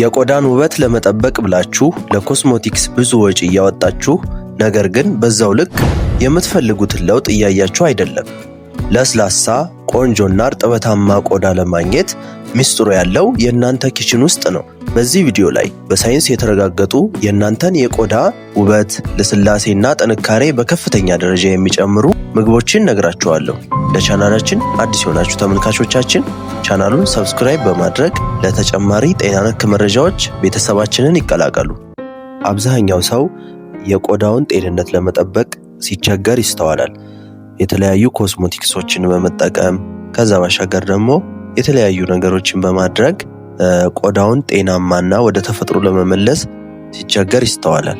የቆዳን ውበት ለመጠበቅ ብላችሁ ለኮስሞቲክስ ብዙ ወጪ እያወጣችሁ ነገር ግን በዛው ልክ የምትፈልጉትን ለውጥ እያያችሁ አይደለም። ለስላሳ ቆንጆና እርጥበታማ ቆዳ ለማግኘት ሚስጥሩ ያለው የእናንተ ኪችን ውስጥ ነው። በዚህ ቪዲዮ ላይ በሳይንስ የተረጋገጡ የእናንተን የቆዳ ውበት፣ ልስላሴና ጥንካሬ በከፍተኛ ደረጃ የሚጨምሩ ምግቦችን ነግራችኋለሁ። ለቻናላችን አዲስ የሆናችሁ ተመልካቾቻችን ቻናሉን ሰብስክራይብ በማድረግ ለተጨማሪ ጤና ነክ መረጃዎች ቤተሰባችንን ይቀላቀሉ። አብዛኛው ሰው የቆዳውን ጤንነት ለመጠበቅ ሲቸገር ይስተዋላል። የተለያዩ ኮስሞቲክሶችን በመጠቀም ከዛ ባሻገር ደግሞ የተለያዩ ነገሮችን በማድረግ ቆዳውን ጤናማና ወደ ተፈጥሮ ለመመለስ ሲቸገር ይስተዋላል።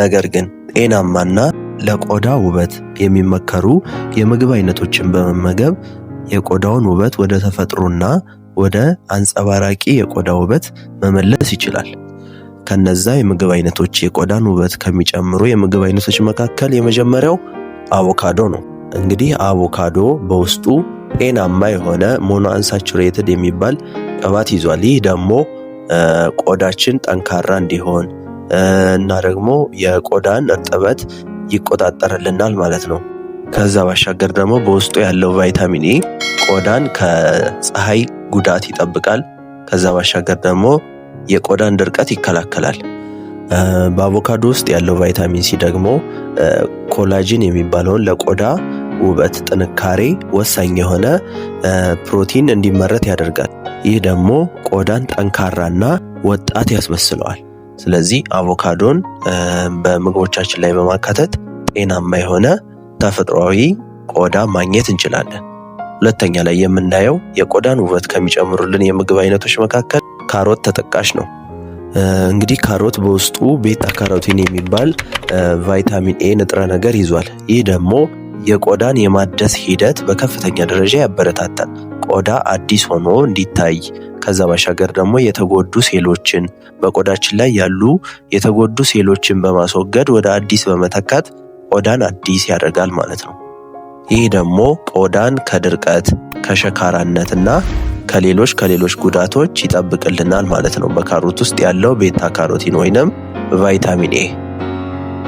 ነገር ግን ጤናማና ለቆዳ ውበት የሚመከሩ የምግብ አይነቶችን በመመገብ የቆዳውን ውበት ወደ ተፈጥሮና ወደ አንጸባራቂ የቆዳ ውበት መመለስ ይችላል። ከነዛ የምግብ አይነቶች የቆዳን ውበት ከሚጨምሩ የምግብ አይነቶች መካከል የመጀመሪያው አቮካዶ ነው። እንግዲህ አቮካዶ በውስጡ ጤናማ የሆነ ሞኖ አንሳቹሬትድ የሚባል ቅባት ይዟል። ይህ ደግሞ ቆዳችን ጠንካራ እንዲሆን እና ደግሞ የቆዳን እርጥበት ይቆጣጠርልናል ማለት ነው። ከዛ ባሻገር ደግሞ በውስጡ ያለው ቫይታሚን ኤ ቆዳን ከፀሐይ ጉዳት ይጠብቃል። ከዛ ባሻገር ደግሞ የቆዳን ድርቀት ይከላከላል። በአቮካዶ ውስጥ ያለው ቫይታሚን ሲ ደግሞ ኮላጅን የሚባለውን ለቆዳ ውበት፣ ጥንካሬ ወሳኝ የሆነ ፕሮቲን እንዲመረት ያደርጋል። ይህ ደግሞ ቆዳን ጠንካራና ወጣት ያስመስለዋል። ስለዚህ አቮካዶን በምግቦቻችን ላይ በማካተት ጤናማ የሆነ ተፈጥሯዊ ቆዳ ማግኘት እንችላለን። ሁለተኛ ላይ የምናየው የቆዳን ውበት ከሚጨምሩልን የምግብ አይነቶች መካከል ካሮት ተጠቃሽ ነው። እንግዲህ ካሮት በውስጡ ቤታ ካሮቲን የሚባል ቫይታሚን ኤ ንጥረ ነገር ይዟል። ይህ ደግሞ የቆዳን የማደስ ሂደት በከፍተኛ ደረጃ ያበረታታል። ቆዳ አዲስ ሆኖ እንዲታይ ከዛ ባሻገር ደግሞ የተጎዱ ሴሎችን በቆዳችን ላይ ያሉ የተጎዱ ሴሎችን በማስወገድ ወደ አዲስ በመተካት ቆዳን አዲስ ያደርጋል ማለት ነው። ይህ ደግሞ ቆዳን ከድርቀት ከሸካራነትና ከሌሎች ከሌሎች ጉዳቶች ይጠብቅልናል ማለት ነው። በካሮት ውስጥ ያለው ቤታ ካሮቲን ወይንም ቫይታሚን ኤ።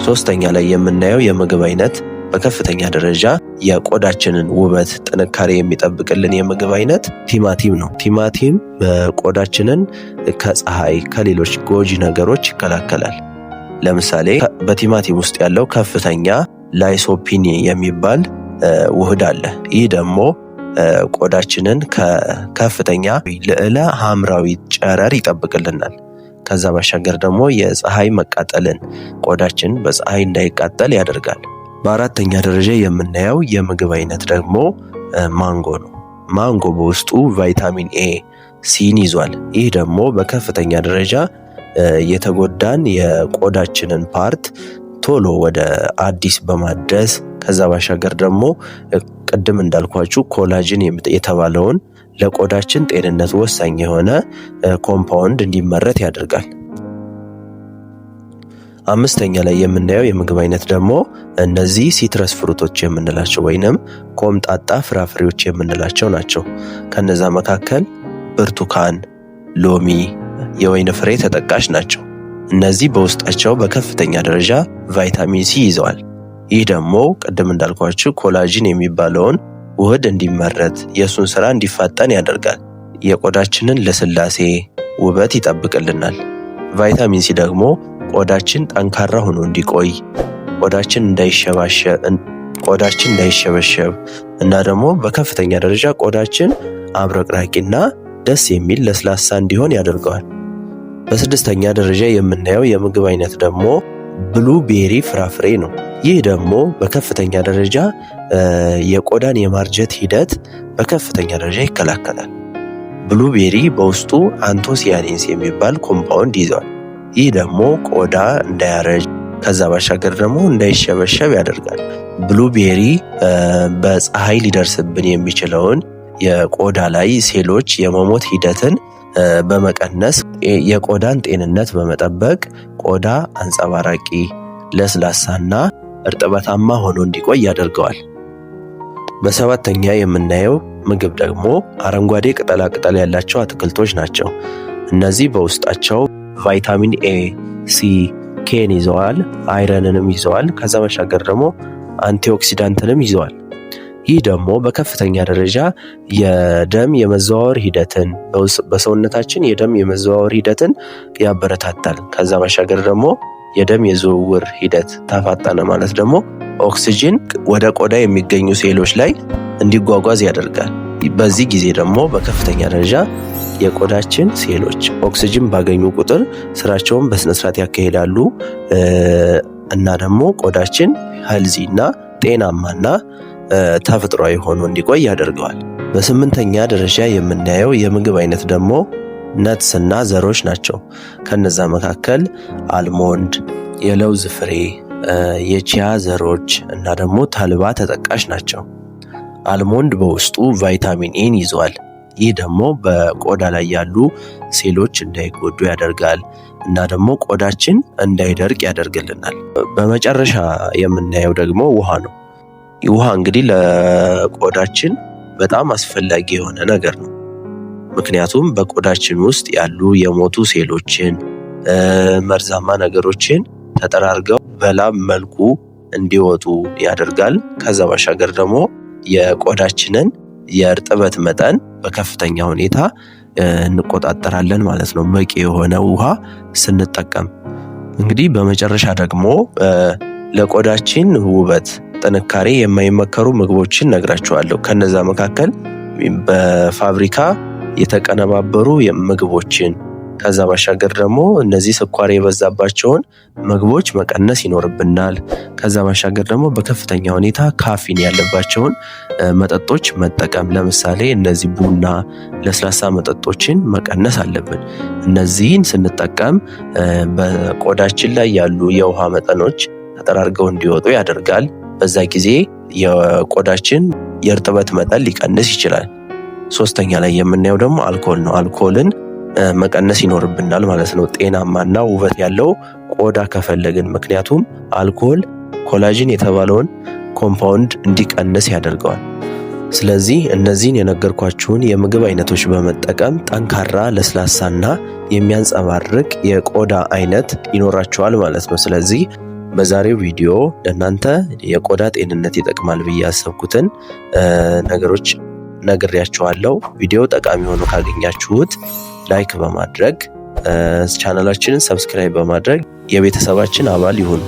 ሶስተኛ ላይ የምናየው የምግብ አይነት በከፍተኛ ደረጃ የቆዳችንን ውበት ጥንካሬ የሚጠብቅልን የምግብ አይነት ቲማቲም ነው። ቲማቲም ቆዳችንን ከፀሐይ፣ ከሌሎች ጎጂ ነገሮች ይከላከላል። ለምሳሌ በቲማቲም ውስጥ ያለው ከፍተኛ ላይሶፒኒ የሚባል ውህድ አለ። ይህ ደግሞ ቆዳችንን ከከፍተኛ ልዕለ ሐምራዊ ጨረር ይጠብቅልናል። ከዛ ባሻገር ደግሞ የፀሐይ መቃጠልን ቆዳችን በፀሐይ እንዳይቃጠል ያደርጋል። በአራተኛ ደረጃ የምናየው የምግብ አይነት ደግሞ ማንጎ ነው። ማንጎ በውስጡ ቫይታሚን ኤ ሲን ይዟል። ይህ ደግሞ በከፍተኛ ደረጃ የተጎዳን የቆዳችንን ፓርት ቶሎ ወደ አዲስ በማድረስ ከዛ ባሻገር ደግሞ ቅድም እንዳልኳችሁ ኮላጅን የተባለውን ለቆዳችን ጤንነት ወሳኝ የሆነ ኮምፓውንድ እንዲመረት ያደርጋል። አምስተኛ ላይ የምናየው የምግብ አይነት ደግሞ እነዚህ ሲትረስ ፍሩቶች የምንላቸው ወይንም ኮምጣጣ ፍራፍሬዎች የምንላቸው ናቸው። ከነዛ መካከል ብርቱካን፣ ሎሚ፣ የወይን ፍሬ ተጠቃሽ ናቸው። እነዚህ በውስጣቸው በከፍተኛ ደረጃ ቫይታሚን ሲ ይዘዋል። ይህ ደግሞ ቅድም እንዳልኳችሁ ኮላጅን የሚባለውን ውህድ እንዲመረት የእሱን ስራ እንዲፋጠን ያደርጋል። የቆዳችንን ለስላሴ ውበት ይጠብቅልናል። ቫይታሚን ሲ ደግሞ ቆዳችን ጠንካራ ሆኖ እንዲቆይ ቆዳችን እንዳይሸበሸብ እና ደግሞ በከፍተኛ ደረጃ ቆዳችን አብረቅራቂና ደስ የሚል ለስላሳ እንዲሆን ያደርገዋል። በስድስተኛ ደረጃ የምናየው የምግብ አይነት ደግሞ ብሉ ቤሪ ፍራፍሬ ነው። ይህ ደግሞ በከፍተኛ ደረጃ የቆዳን የማርጀት ሂደት በከፍተኛ ደረጃ ይከላከላል። ብሉቤሪ በውስጡ አንቶሲያኒንስ የሚባል ኮምፓውንድ ይዟል። ይህ ደግሞ ቆዳ እንዳያረጅ ከዛ ባሻገር ደግሞ እንዳይሸበሸብ ያደርጋል። ብሉቤሪ በፀሐይ ሊደርስብን የሚችለውን የቆዳ ላይ ሴሎች የመሞት ሂደትን በመቀነስ የቆዳን ጤንነት በመጠበቅ ቆዳ አንጸባራቂ፣ ለስላሳና እርጥበታማ ሆኖ እንዲቆይ ያደርገዋል። በሰባተኛ የምናየው ምግብ ደግሞ አረንጓዴ ቅጠላ ቅጠል ያላቸው አትክልቶች ናቸው። እነዚህ በውስጣቸው ቫይታሚን ኤ፣ ሲ፣ ኬን ይዘዋል፣ አይረንንም ይዘዋል። ከዛ ባሻገር ደግሞ አንቲኦክሲዳንትንም ይዘዋል። ይህ ደግሞ በከፍተኛ ደረጃ የደም የመዘዋወር ሂደትን በሰውነታችን የደም የመዘዋወር ሂደትን ያበረታታል። ከዛ ባሻገር ደግሞ የደም የዝውውር ሂደት ተፋጠነ ማለት ደግሞ ኦክሲጅን ወደ ቆዳ የሚገኙ ሴሎች ላይ እንዲጓጓዝ ያደርጋል። በዚህ ጊዜ ደግሞ በከፍተኛ ደረጃ የቆዳችን ሴሎች ኦክሲጅን ባገኙ ቁጥር ስራቸውን በስነስርዓት ያካሂዳሉ እና ደግሞ ቆዳችን ሄልዚ እና ጤናማና ተፈጥሯዊ ሆኖ እንዲቆይ ያደርገዋል። በስምንተኛ ደረጃ የምናየው የምግብ አይነት ደግሞ ነትስና ዘሮች ናቸው። ከነዛ መካከል አልሞንድ፣ የለውዝ ፍሬ፣ የቺያ ዘሮች እና ደግሞ ተልባ ተጠቃሽ ናቸው። አልሞንድ በውስጡ ቫይታሚን ኤን ይዟል። ይህ ደግሞ በቆዳ ላይ ያሉ ሴሎች እንዳይጎዱ ያደርጋል እና ደግሞ ቆዳችን እንዳይደርቅ ያደርግልናል። በመጨረሻ የምናየው ደግሞ ውሃ ነው። ውሃ እንግዲህ ለቆዳችን በጣም አስፈላጊ የሆነ ነገር ነው። ምክንያቱም በቆዳችን ውስጥ ያሉ የሞቱ ሴሎችን መርዛማ ነገሮችን ተጠራርገው በላብ መልኩ እንዲወጡ ያደርጋል። ከዛ ባሻገር ደግሞ የቆዳችንን የእርጥበት መጠን በከፍተኛ ሁኔታ እንቆጣጠራለን ማለት ነው፣ በቂ የሆነ ውሃ ስንጠቀም። እንግዲህ በመጨረሻ ደግሞ ለቆዳችን ውበት ጥንካሬ የማይመከሩ ምግቦችን ነግራችኋለሁ። ከነዛ መካከል በፋብሪካ የተቀነባበሩ ምግቦችን ከዛ ባሻገር ደግሞ እነዚህ ስኳር የበዛባቸውን ምግቦች መቀነስ ይኖርብናል። ከዛ ባሻገር ደግሞ በከፍተኛ ሁኔታ ካፊን ያለባቸውን መጠጦች መጠቀም ለምሳሌ እነዚህ ቡና፣ ለስላሳ መጠጦችን መቀነስ አለብን። እነዚህን ስንጠቀም በቆዳችን ላይ ያሉ የውሃ መጠኖች ተጠራርገው እንዲወጡ ያደርጋል። በዛ ጊዜ የቆዳችን የእርጥበት መጠን ሊቀንስ ይችላል። ሶስተኛ ላይ የምናየው ደግሞ አልኮል ነው። አልኮልን መቀነስ ይኖርብናል ማለት ነው፣ ጤናማና ውበት ያለው ቆዳ ከፈለግን። ምክንያቱም አልኮል ኮላጅን የተባለውን ኮምፓውንድ እንዲቀንስ ያደርገዋል። ስለዚህ እነዚህን የነገርኳችሁን የምግብ አይነቶች በመጠቀም ጠንካራ ለስላሳና የሚያንጸባርቅ የቆዳ አይነት ይኖራችኋል ማለት ነው። ስለዚህ በዛሬው ቪዲዮ ለእናንተ የቆዳ ጤንነት ይጠቅማል ብዬ ያሰብኩትን ነገሮች ነግሬያችኋለሁ። ቪዲዮ ጠቃሚ ሆኖ ካገኛችሁት ላይክ በማድረግ ቻናላችንን ሰብስክራይብ በማድረግ የቤተሰባችን አባል ይሁኑ።